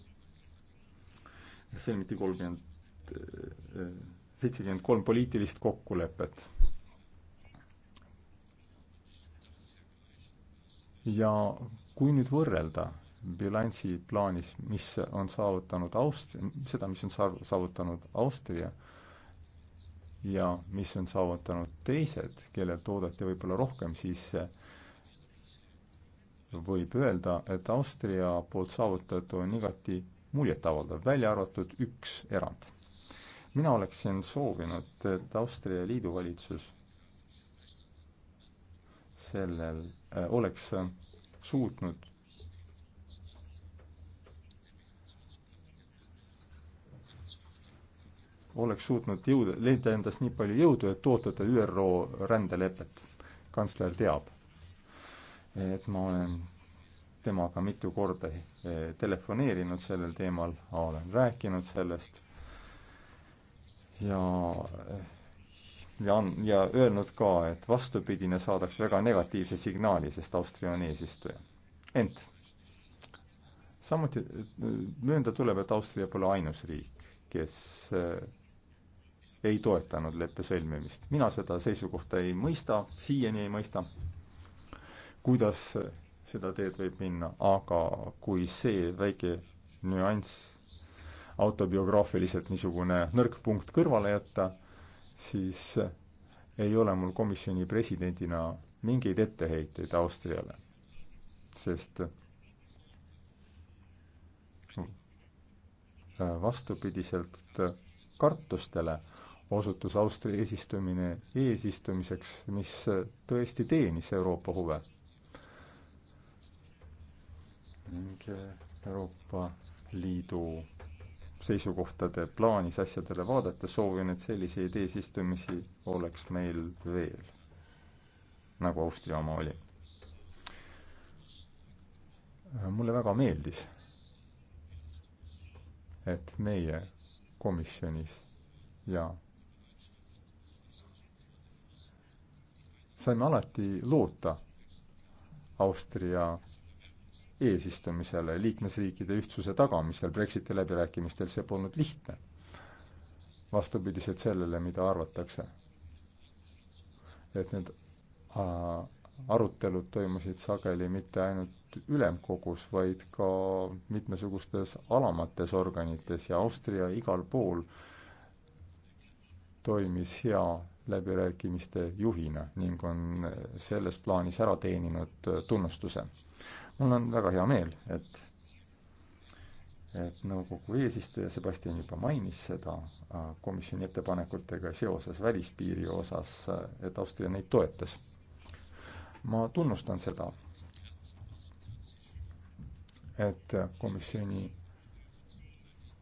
sõlmiti kolmkümmend, äh, seitsekümmend kolm poliitilist kokkulepet. ja kui nüüd võrrelda bilansi plaanis, mis on saavutanud Aust-, seda, mis on saavutanud Austria ja mis on saavutanud teised, kellel toodeti võib-olla rohkem, siis võib öelda, et Austria poolt saavutatu on igati muljetavaldav, välja arvatud üks erand. mina oleksin soovinud, et Austria liidu valitsus sellel äh, oleks äh, suutnud oleks suutnud jõuda, leida endast nii palju jõudu, et toetada ÜRO rändelepet. kantsler teab, et ma olen temaga mitu korda eh, telefoneerinud sellel teemal, olen rääkinud sellest ja eh, ja on, ja öelnud ka, et vastupidine saadaks väga negatiivse signaali, sest Austria on eesistuja. ent samuti eh, möönda tuleb, et Austria pole ainus riik, kes ei toetanud leppe sõlmimist. mina seda seisukohta ei mõista, siiani ei mõista, kuidas seda teed võib minna, aga kui see väike nüanss autobiograafiliselt niisugune nõrk punkt kõrvale jätta, siis ei ole mul komisjoni presidendina mingeid etteheiteid Austriale, sest vastupidiselt kartustele osutus Austria eesistumine eesistumiseks, mis tõesti teenis Euroopa huve ning Euroopa Liidu seisukohtade plaanis asjadele vaadates soovin, et selliseid eesistumisi oleks meil veel, nagu Austria oma oli. mulle väga meeldis, et meie komisjonis ja saime alati loota Austria eesistumisele, liikmesriikide ühtsuse tagamisel Brexiti läbirääkimistel, see polnud lihtne. vastupidiselt sellele, mida arvatakse. et need arutelud toimusid sageli mitte ainult ülemkogus, vaid ka mitmesugustes alamates organites ja Austria igal pool toimis hea läbirääkimiste juhina ning on selles plaanis ära teeninud tunnustuse mul on väga hea meel, et et nõukogu eesistuja Sebastian juba mainis seda äh, komisjoni ettepanekutega seoses välispiiri osas, äh, et Austria neid toetas. ma tunnustan seda, et komisjoni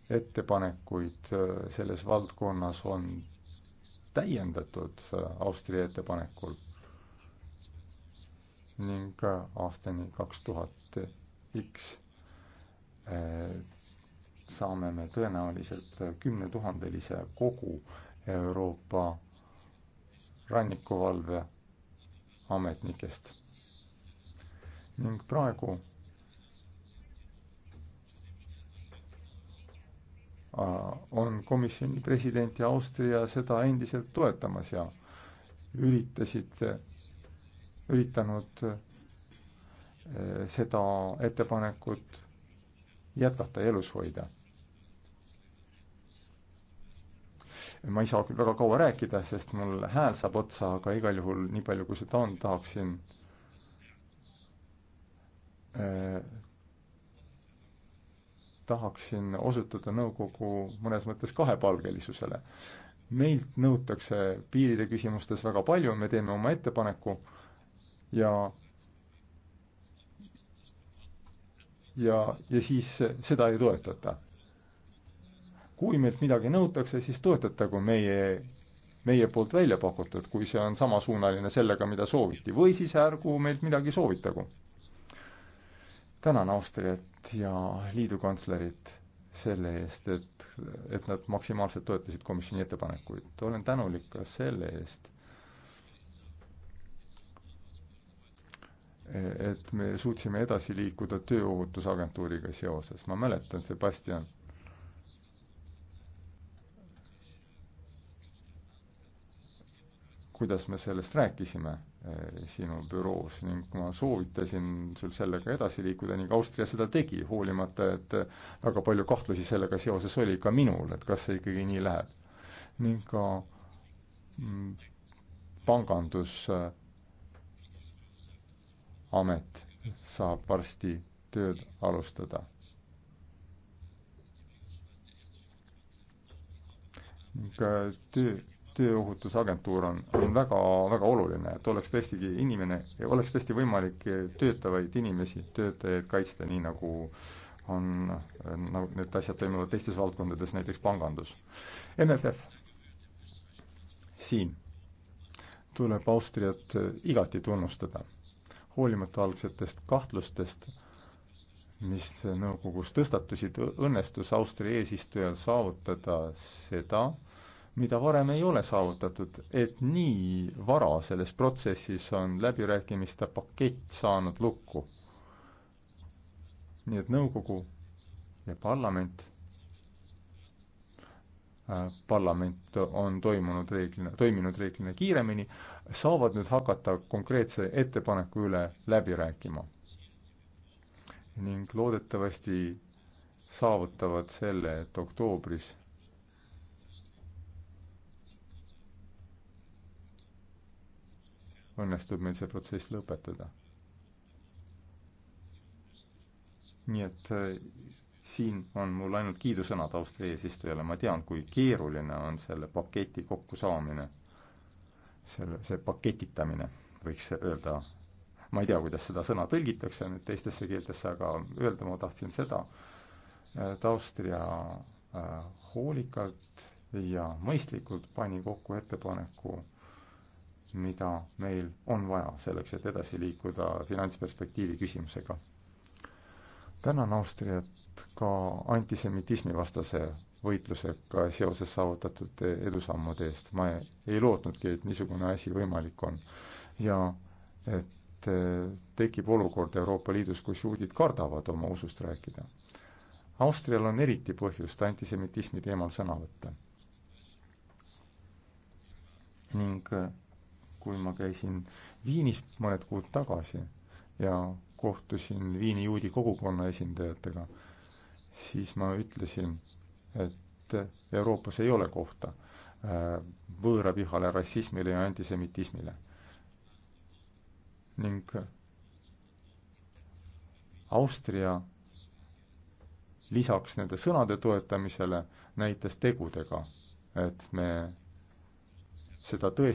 ettepanekuid äh, selles valdkonnas on täiendatud Austria ettepanekul ning aastani kaks tuhat X eh, saame me tõenäoliselt kümnetuhandelise kogu Euroopa rannikuvalve ametnikest. ning praegu on komisjoni president ja Austria seda endiselt toetamas ja üritasid üritanud eh, seda ettepanekut jätkata ja elus hoida. ma ei saa küll väga kaua rääkida, sest mul hääl saab otsa, aga igal juhul nii palju, kui seda on, tahaksin eh, tahaksin osutada nõukogu mõnes mõttes kahepalgelisusele. meilt nõutakse piiride küsimustes väga palju, me teeme oma ettepaneku ja ja, ja siis seda ei toetata. kui meilt midagi nõutakse, siis toetatagu meie, meie poolt välja pakutud, kui see on samasuunaline sellega, mida sooviti, või siis ärgu meilt midagi soovitagu. tänan Austriat ja liidu kantslerit selle eest, et, et nad maksimaalselt toetasid komisjoni ettepanekuid. olen tänulik ka selle eest, et me suutsime edasi liikuda Tööohutusagentuuriga seoses. ma mäletan, Sebastian, kuidas me sellest rääkisime eh, sinu büroos ning ma soovitasin sul sellega edasi liikuda ning Austria seda tegi, hoolimata, et väga palju kahtlusi sellega seoses oli ka minul, et kas see ikkagi nii läheb. ning ka mm, pangandus äh, amet saab varsti tööd alustada. ka äh, töö, tööohutusagentuur on, on väga, väga oluline, et oleks tõestigi inimene, oleks tõesti võimalik töötavaid inimesi, töötajaid kaitsta, nii nagu on, nagu need asjad toimuvad teistes valdkondades, näiteks pangandus. MFF siin tuleb Austriat äh, igati tunnustada hoolimata algsetest kahtlustest, mis nõukogus tõstatusid, õnnestus Austria eesistujal saavutada seda, mida varem ei ole saavutatud, et nii vara selles protsessis on läbirääkimiste pakett saanud lukku. nii et nõukogu ja parlament Äh, parlament on toimunud reeglina, toiminud reeglina kiiremini, saavad nüüd hakata konkreetse ettepaneku üle läbi rääkima. ning loodetavasti saavutavad selle, et oktoobris õnnestub meil see protsess lõpetada. nii et äh, siin on mul ainult kiidusõnad Austria eesistujale, ma tean, kui keeruline on selle paketi kokkusaamine, selle, see paketitamine, võiks öelda, ma ei tea, kuidas seda sõna tõlgitakse nüüd teistesse keeltesse, aga öelda ma tahtsin seda, et Austria äh, hoolikalt ja mõistlikult pani kokku ettepaneku, mida meil on vaja selleks, et edasi liikuda finantsperspektiivi küsimusega tänan Austriat ka antisemitismivastase võitlusega seoses saavutatud edusammude eest. ma ei lootnudki, et niisugune asi võimalik on. ja et äh, tekib olukord Euroopa Liidus, kus juudid kardavad oma usust rääkida. Austrial on eriti põhjust antisemitismi teemal sõna võtta. ning äh, kui ma käisin Viinis mõned kuud tagasi ja kohtusin Viini juudi kogukonna esindajatega, siis ma ütlesin, et Euroopas ei ole kohta äh, võõravihale, rassismile ja antisemitismile. ning Austria lisaks nende sõnade toetamisele näitas tegudega, et me seda tõesti